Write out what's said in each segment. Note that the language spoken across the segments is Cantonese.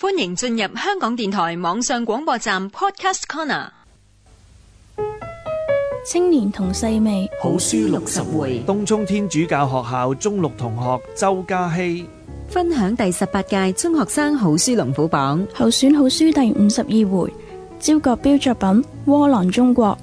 歡迎進入香港電台網上廣播站 Podcast Corner。青年同細味好書六十回，回東涌天主教學校中六同學周嘉希分享第十八屆中學生好書龍虎榜候選好書第五十二回，焦國標作品《窩囊中國》。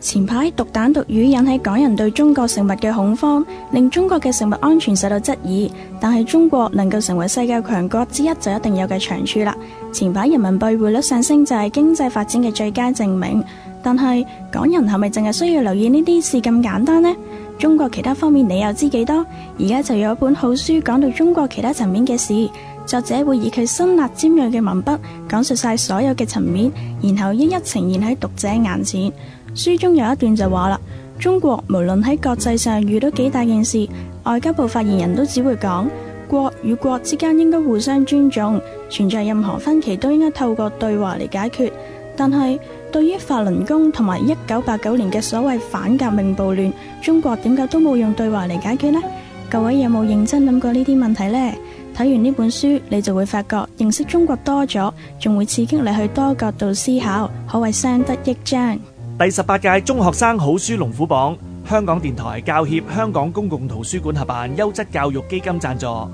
前排毒蛋毒魚引起港人對中國食物嘅恐慌，令中國嘅食物安全受到質疑。但係中國能夠成為世界強國之一，就一定有嘅長處啦。前排人民幣匯率上升就係經濟發展嘅最佳證明。但係港人係咪淨係需要留意呢啲事咁簡單呢？中國其他方面你又知幾多？而家就有一本好書講到中國其他層面嘅事，作者會以佢辛辣尖銳嘅文筆講述晒所有嘅層面，然後一一呈現喺讀者眼前。書中有一段就話啦，中國無論喺國際上遇到幾大件事，外交部發言人都只會講國與國之間應該互相尊重，存在任何分歧都應該透過對話嚟解決。但係對於法輪功同埋一九八九年嘅所謂反革命暴亂，中國點解都冇用對話嚟解決呢？各位有冇認真諗過呢啲問題呢？睇完呢本書，你就會發覺認識中國多咗，仲會刺激你去多角度思考，可謂相得益彰。第十八屆中學生好書龍虎榜，香港電台教協、香港公共圖書館合辦，優質教育基金贊助。